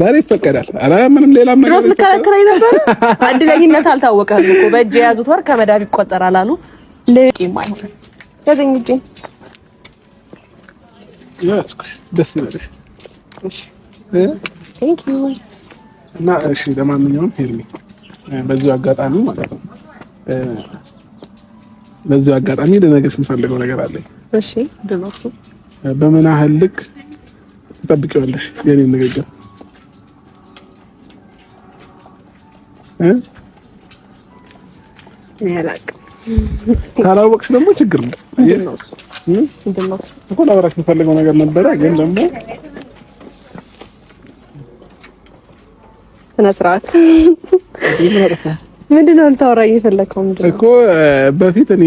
ዛሬ ይፈቀዳል። ኧረ ምንም ሌላ ነገር ሮዝ ልከለከለኝ ነበር። እድለኝነት አልታወቀህም እኮ በእጅ የያዙት ወር ከመዳብ ይቆጠራል አሉ። ለቂ ማይሆን ያዘኝ እጄ ደስ ይበልሽ። እና እሺ፣ ለማንኛውም በዚሁ አጋጣሚ ማለት ነው በዚሁ አጋጣሚ ልነግርሽ የምፈልገው ነገር አለኝ። እሺ፣ በምን ያህል ልክ ትጠብቂዋለሽ የኔን ንግግር? ካላወቅሽ ደግሞ ችግር ነው። እኮ ላወራሽ የምፈልገው ነገር ነበረ፣ ግን ደግሞ ስነ ስርዓት ምንድን ነው ልታወራኝ የፈለከው? እኮ በፊት እኔ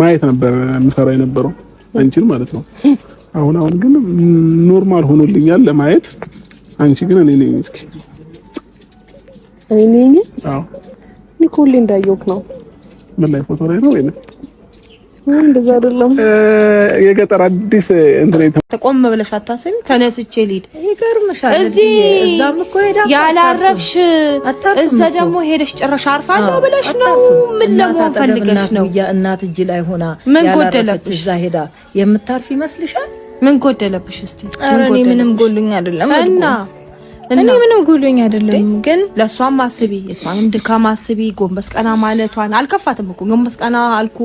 ማየት ነበር የምሰራ የነበረው አንቺን ማለት ነው። አሁን አሁን ግን ኖርማል ሆኖልኛል ለማየት። አንቺ ግን እኔ ነኝ እስኪ ወይኔ አዎ፣ ኒኮሌ እንዳየሁት ነው። ምን ላይ ፎቶ ላይ ነው ወይኔ? እንደዛ አይደለም። የገጠር አዲስ እንትን ተቆም ብለሽ አታስቢ። ተነስቼ ልሂድ። ይገርምሻል። እዚህ ያላረፍሽ እዛ ደግሞ ሄደሽ ጭራሽ አርፋለሁ ብለሽ ነው። ምን ለመሆን ፈልገሽ ነው? እናት እጅ ላይ ሆና ምን ጎደለብሽ? እዛ ሄዳ የምታርፍ ይመስልሻል? ምን ጎደለብሽ? እስቲ ኧረ እኔ ምንም ጎሉኝ አይደለም እና እኔ ምንም ጉልኝ አይደለም፣ ግን ለእሷም አስቢ፣ እሷንም ድካም አስቢ። ጎንበስ ቀና ማለቷን አልከፋትም እኮ ጎንበስ ቀና አልኩ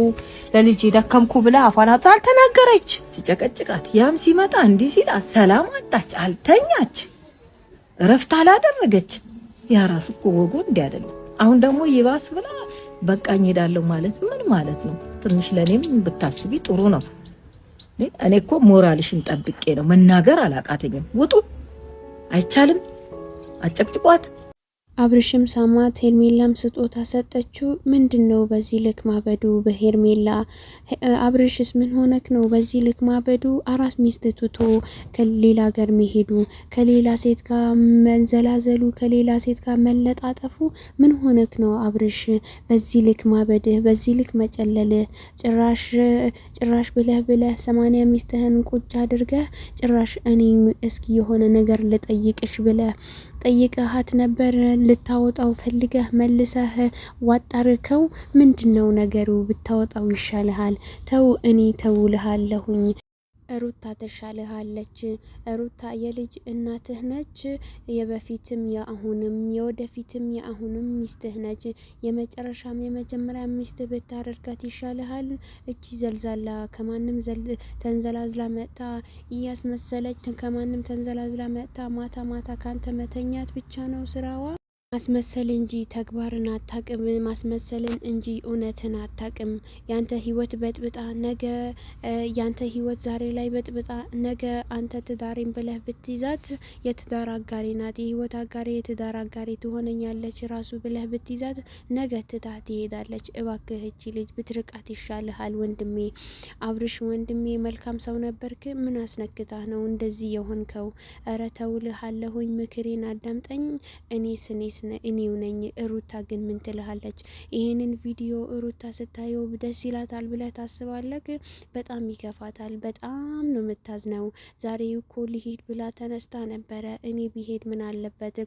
ለልጅ ደከምኩ ብላ አፏን አልተናገረች። ሲጨቀጭቃት ያም ሲመጣ እንዲህ ሲል ሰላም አጣች፣ አልተኛች፣ እረፍት አላደረገች። ያ ራስ እኮ ወጉ እንዲህ አይደለም። አሁን ደግሞ ይባስ ብላ በቃኝ እሄዳለሁ ማለት ምን ማለት ነው? ትንሽ ለእኔም ብታስቢ ጥሩ ነው። እኔ እኮ ሞራልሽን ጠብቄ ነው መናገር አላቃተኝም። ውጡ አይቻልም። አጨቅጭቋት አብርሽም ሳማት፣ ሄርሜላም ስጦታ ሰጠችው። ምንድን ነው በዚህ ልክ ማበዱ በሄርሜላ? አብርሽስ ምን ሆነክ ነው በዚህ ልክ ማበዱ? አራስ ሚስት ትቶ ከሌላ ሀገር መሄዱ፣ ከሌላ ሴት ጋር መንዘላዘሉ፣ ከሌላ ሴት ጋር መለጣጠፉ ምን ሆነክ ነው አብርሽ? በዚህ ልክ ማበድህ፣ በዚህ ልክ መጨለልህ፣ ጭራሽ ጭራሽ ብለህ ብለህ ሰማንያ ሚስትህን ቁጭ አድርገህ ጭራሽ እኔ እስኪ የሆነ ነገር ልጠይቅሽ ብለህ ጠይቀሃት ነበር? ልታወጣው ፈልገህ መልሰህ ዋጣርከው? ምንድን ነው ነገሩ? ብታወጣው ይሻልሃል። ተው እኔ ተውልሃለሁኝ ሩታ ተሻልሃለች። ሩታ የልጅ እናትህ ነች፣ የበፊትም የአሁንም የወደፊትም የአሁንም ሚስትህ ነች። የመጨረሻም የመጀመሪያ ሚስት ብታደርጋት ይሻልሃል። እቺ ዘልዛላ ከማንም ተንዘላዝላ መጣ እያስመሰለች ከማንም ተንዘላዝላ መጣ ማታ ማታ ካንተ መተኛት ብቻ ነው ስራዋ። ማስመሰል እንጂ ተግባርን አታቅም። ማስመሰልን እንጂ እውነትን አታቅም። ያንተ ህይወት በጥብጣ ነገ ያንተ ህይወት ዛሬ ላይ በጥብጣ ነገ አንተ ትዳሬን ብለህ ብትይዛት የትዳር አጋሪ ናት፣ የህይወት አጋሪ የትዳር አጋሪ ትሆነኛለች ራሱ ብለህ ብትይዛት ነገ ትታ ትሄዳለች። እባክህች ልጅ ብትርቃት ይሻልሃል ወንድሜ። አብርሽ ወንድሜ መልካም ሰው ነበርክ። ምን አስነክታ ነው እንደዚህ የሆንከው? እረ ተውልህ አለሁኝ ምክሬን አዳምጠኝ እኔ ስኔ እኔው ነኝ። ሩታ ግን ምን ትልሃለች? ይህንን ቪዲዮ ሩታ ስታየው ደስ ይላታል ብለህ ታስባለህ? በጣም ይከፋታል። በጣም ነው የምታዝነው። ዛሬ እኮ ሊሄድ ብላ ተነስታ ነበረ። እኔ ቢሄድ ምን አለበት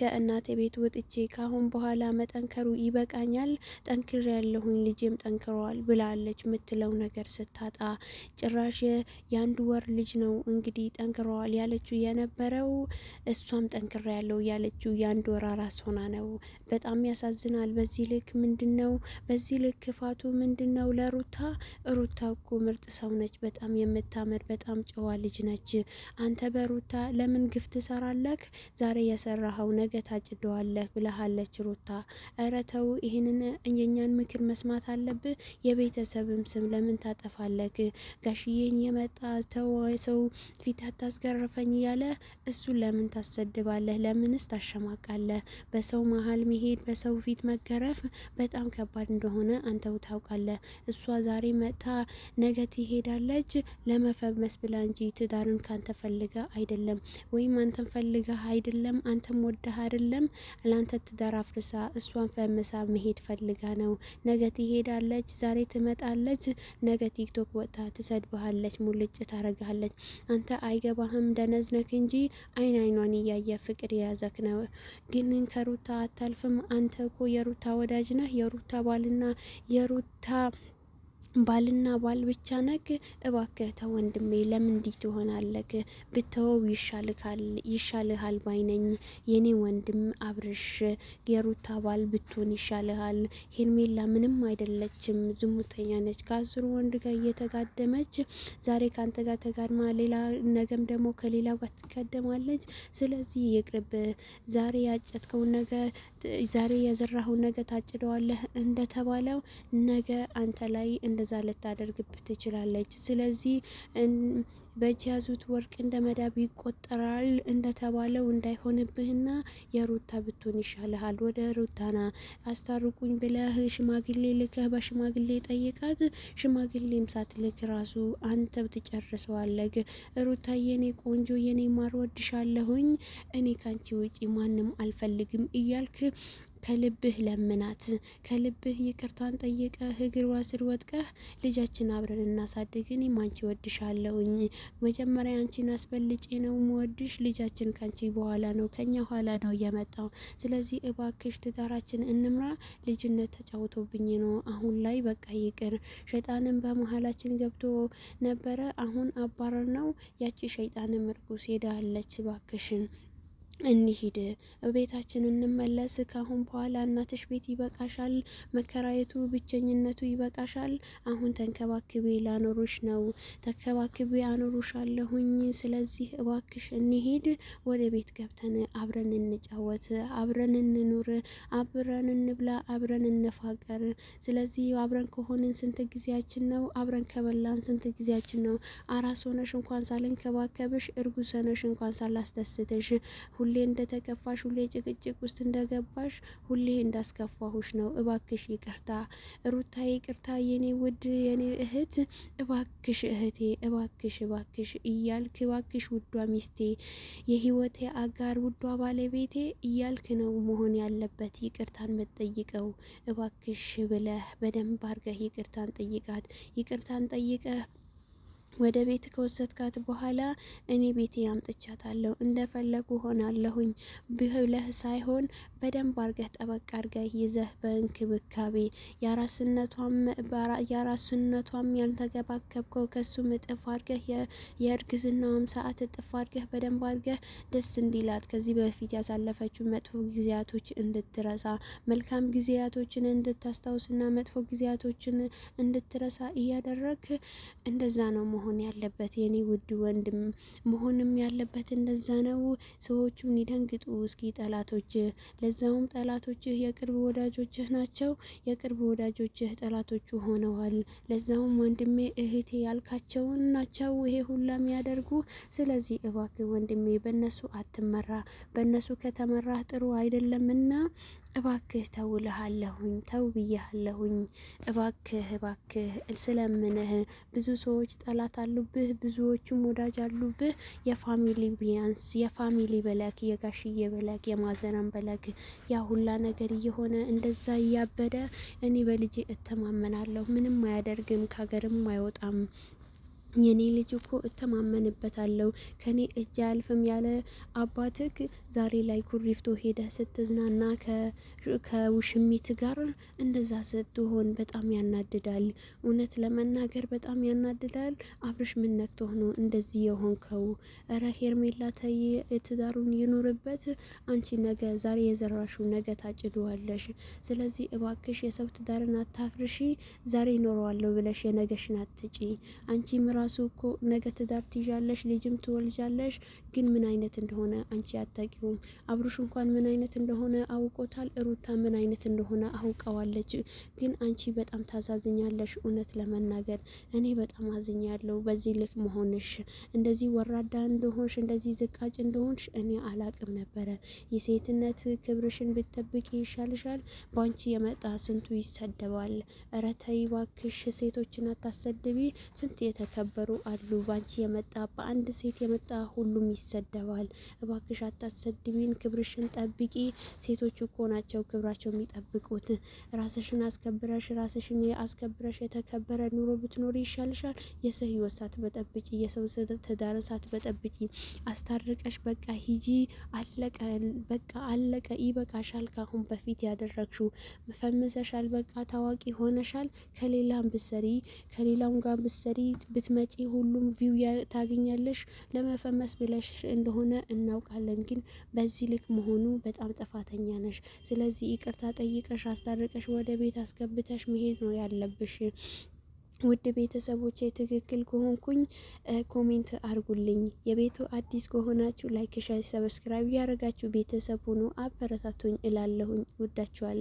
ከእናቴ ቤት ወጥቼ ካሁን በኋላ መጠንከሩ ይበቃኛል፣ ጠንክሬ ያለሁኝ ልጄም ጠንክረዋል ብላለች የምትለው ነገር ስታጣ ጭራሽ የአንድ ወር ልጅ ነው እንግዲህ ጠንክረዋል ያለችው የነበረው እሷም ጠንክሬ ያለው ያለችው የአንድ ወር አራስ ሆና ነው። በጣም ያሳዝናል። በዚህ ልክ ምንድን ነው በዚህ ልክ ክፋቱ ምንድን ነው ለሩታ? ሩታ እኮ ምርጥ ሰው ነች። በጣም የምታምር በጣም ጨዋ ልጅ ነች። አንተ በሩታ ለምን ግፍ ትሰራለክ? ዛሬ የሰራኸው ነገ ታጭደዋለህ ብለሃለች ሩታ። እረ ተው ይህንን የእኛን ምክር መስማት አለብህ። የቤተሰብም ስም ለምን ታጠፋለህ? ጋሽዬን የመጣ ተው ሰው ፊት አታስገርፈኝ እያለ እሱ ለምን ታሰድባለህ? ለምንስ ታሸማቃለህ? በሰው መሀል መሄድ፣ በሰው ፊት መገረፍ በጣም ከባድ እንደሆነ አንተው ታውቃለህ። እሷ ዛሬ መጥታ ነገ ትሄዳለች ለመፈመስ ብላ እንጂ ትዳርን ካንተ ፈልጋ አይደለም ወይም አንተን ፈልጋ አይደለም አንተም ወደ ወዳህ አይደለም ለአንተ ትዳር አፍርሳ እሷን ፈምሳ መሄድ ፈልጋ ነው። ነገ ትሄዳለች፣ ዛሬ ትመጣለች፣ ነገ ቲክቶክ ወጥታ ትሰድብሃለች፣ ሙልጭ ታረግሃለች። አንተ አይገባህም ደነዝነክ እንጂ አይን አይኗን እያየ ፍቅር የያዘክ ነው። ግን ከሩታ አታልፍም። አንተ እኮ የሩታ ወዳጅ ነህ፣ የሩታ ባልና የሩታ ባልና ባል ብቻ ነግ እባክህ ወንድሜ፣ ለምን እንዲህ ትሆናለህ? ብተወው ይሻልሃል ባይነኝ የኔ ወንድም አብርሽ የሩታ ባል ብትሆን ይሻልሃል። ሄርሜላ ምንም አይደለችም፣ ዝሙተኛ ነች። ከአስሩ ወንድ ጋር እየተጋደመች ዛሬ ከአንተ ጋር ተጋድማ ሌላ ነገም ደግሞ ከሌላ ጋር ትጋደማለች። ስለዚህ ይቅርብ። ዛሬ ያጨትከውን ነገ ዛሬ የዘራኸውን ነገ ታጭደዋለህ እንደተባለው ነገ አንተ ላይ እንደ እንደዛ ልታደርግብህ ትችላለች። ስለዚህ በእጅ ያዙት ወርቅ እንደ መዳብ ይቆጠራል እንደተባለው እንዳይሆንብህና የሩታ ብትሆን ይሻልሃል። ወደ ሩታና አስታርቁኝ ብለህ ሽማግሌ ልከህ በሽማግሌ ጠይቃት። ሽማግሌም ሳትልክ ራሱ አንተ ብትጨርሰዋለግ። ሩታ የኔ ቆንጆ የኔ ማር ወድሻለሁኝ፣ እኔ ካንቺ ውጪ ማንም አልፈልግም እያልክ ከልብህ ለምናት፣ ከልብህ ይቅርታን ጠይቀህ እግሯ ስር ወጥቀህ ልጃችን አብረን እናሳድግ፣ እኔም አንቺ ወድሻለሁኝ። መጀመሪያ አንቺን አስበልጬ ነው ወድሽ። ልጃችን ከአንቺ በኋላ ነው ከኛ ኋላ ነው የመጣው። ስለዚህ እባክሽ ትዳራችን እንምራ። ልጅነት ተጫውቶብኝ ነው አሁን ላይ በቃ ይቅር። ሸይጣንን በመሀላችን ገብቶ ነበረ። አሁን አባረር ነው። ያቺ ሸይጣንም ርኩስ ሄዳለች። እባክሽን እንሂድ ቤታችን እንመለስ። ካሁን በኋላ እናትሽ ቤት ይበቃሻል፣ መከራየቱ፣ ብቸኝነቱ ይበቃሻል። አሁን ተንከባክቤ ላኖሩሽ ነው፣ ተንከባክቤ አኖሩሻለሁኝ። ስለዚህ እባክሽ እንሂድ፣ ወደ ቤት ገብተን አብረን እንጫወት፣ አብረን እንኑር፣ አብረን እንብላ፣ አብረን እንፋቀር። ስለዚህ አብረን ከሆንን ስንት ጊዜያችን ነው? አብረን ከበላን ስንት ጊዜያችን ነው? አራስ ሆነሽ እንኳን ሳልንከባከብሽ፣ እርጉዝ ሆነሽ እንኳን ሳላስደስትሽ ሁሌ እንደተከፋሽ፣ ሁሌ ጭቅጭቅ ውስጥ እንደገባሽ፣ ሁሌ እንዳስከፋሁሽ ነው። እባክሽ ይቅርታ ሩታ፣ ይቅርታ የኔ ውድ የኔ እህት፣ እባክሽ እህቴ፣ እባክሽ እባክሽ እያልክ እባክሽ ውዷ ሚስቴ፣ የህይወቴ አጋር፣ ውዷ ባለቤቴ እያልክ ነው መሆን ያለበት ይቅርታን መጠይቀው እባክሽ ብለህ በደንብ አርገህ ይቅርታን ጠይቃት። ይቅርታን ጠይቀህ ወደ ቤት ከወሰድካት በኋላ እኔ ቤቴ ያምጥቻታለሁ እንደፈለጉ ሆናለሁኝ ብህብለህ ሳይሆን በደንብ አርገህ ጠበቅ አርገህ ይዘህ በእንክብካቤ የአራስነቷም ያልተገባከብከው ከሱ እጥፍ አርገህ የእርግዝናውም ሰዓት እጥፍ አርገህ በደንብ አርገህ ደስ እንዲላት ከዚህ በፊት ያሳለፈችው መጥፎ ጊዜያቶች እንድትረሳ መልካም ጊዜያቶችን እንድታስታውስና መጥፎ ጊዜያቶችን እንድትረሳ እያደረግ እንደዛ ነው መሆን መሆን ያለበት የኔ ውድ ወንድም መሆንም ያለበት እንደዛ ነው። ሰዎቹን ይደንግጡ እስኪ ጠላቶችህ፣ ለዛውም ጠላቶችህ የቅርብ ወዳጆችህ ናቸው። የቅርብ ወዳጆችህ ጠላቶቹ ሆነዋል። ለዛውም ወንድሜ እህቴ ያልካቸውን ናቸው ይሄ ሁላም የሚያደርጉ። ስለዚህ እባክህ ወንድሜ በእነሱ አትመራ። በእነሱ ከተመራህ ጥሩ አይደለምና እባክህ ተውልሃለሁኝ ተው ብያለሁኝ። እባክህ እባክህ ስለምንህ ብዙ ሰዎች ጠላት ጠላት አሉብህ፣ ብዙዎቹም ወዳጅ አሉብህ። የፋሚሊ ቢያንስ የፋሚሊ በላክ፣ የጋሽዬ በላክ፣ የማዘናን በላክ፣ ያ ሁላ ነገር እየሆነ እንደዛ እያበደ እኔ በልጄ እተማመናለሁ፣ ምንም አያደርግም፣ ከሀገርም አይወጣም የኔ ልጅ እኮ እተማመንበታለሁ ከኔ እጅ አያልፍም ያለ አባትህ ዛሬ ላይ ኩሪፍቶ ሄደ ስትዝናና ከውሽሚት ጋር እንደዛ ስትሆን በጣም ያናድዳል። እውነት ለመናገር በጣም ያናድዳል። አብርሽ ምን ነክቶህ ነው እንደዚህ የሆንከው? እረ ሄርሜላ ተይ፣ ትዳሩን ይኑርበት። አንቺ ነገ ዛሬ የዘራሹ ነገ ታጭዱዋለሽ። ስለዚህ እባክሽ የሰው ትዳርን አታፍርሺ። ዛሬ ይኖረዋለሁ ብለሽ የነገሽን አትጪ። አንቺ ምራ ራሱ እኮ ነገ ትዳር ትይዣለሽ ልጅም ትወልጃለሽ፣ ግን ምን አይነት እንደሆነ አንቺ አታቂውም። አብሩሽ እንኳን ምን አይነት እንደሆነ አውቆታል። ሩታ ምን አይነት እንደሆነ አውቀዋለች። ግን አንቺ በጣም ታዛዝኛለሽ። እውነት ለመናገር እኔ በጣም አዝኛለሁ በዚህ ልክ መሆንሽ። እንደዚህ ወራዳ እንደሆንሽ፣ እንደዚህ ዝቃጭ እንደሆንሽ እኔ አላቅም ነበረ። የሴትነት ክብርሽን ብትጠብቂ ይሻልሻል። በአንቺ የመጣ ስንቱ ይሰደባል። እረ ተይ እባክሽ ሴቶችን አታሰድቢ። ስንት የተከበ የሚከበሩ አሉ። ባንቺ የመጣ በአንድ ሴት የመጣ ሁሉም ይሰደባል። እባክሽ አታሰድቢን፣ ክብርሽን ጠብቂ። ሴቶች እኮ ናቸው ክብራቸው የሚጠብቁት። ራስሽን አስከብረሽ ራስሽን አስከብረሽ የተከበረ ኑሮ ብትኖር ይሻልሻል። የሰው ህይወት ሳትበጠብጪ፣ የሰው ትዳርን ሳትበጠብጪ አስታርቀሽ በቃ ሂጂ። አለቀ በቃ አለቀ፣ ይበቃሻል። ካሁን በፊት ያደረግሽው ፈምሰሻል። በቃ ታዋቂ ሆነሻል። ከሌላም ብሰሪ ከሌላም ጋር ብሰሪ ብትመ ስትመጪ ሁሉም ቪው ታገኛለሽ ለመፈመስ ብለሽ እንደሆነ እናውቃለን፣ ግን በዚህ ልክ መሆኑ በጣም ጥፋተኛ ነሽ። ስለዚህ ይቅርታ ጠይቀሽ አስታርቀሽ ወደ ቤት አስገብተሽ መሄድ ነው ያለብሽ። ውድ ቤተሰቦች ትክክል ከሆንኩኝ ኮሜንት አርጉልኝ። የቤቱ አዲስ ከሆናችሁ ላይክ፣ ሸር፣ ሰብስክራይብ ያደረጋችሁ ቤተሰብ ሁኑ። አበረታቱኝ እላለሁኝ። ወዳችኋለሁ።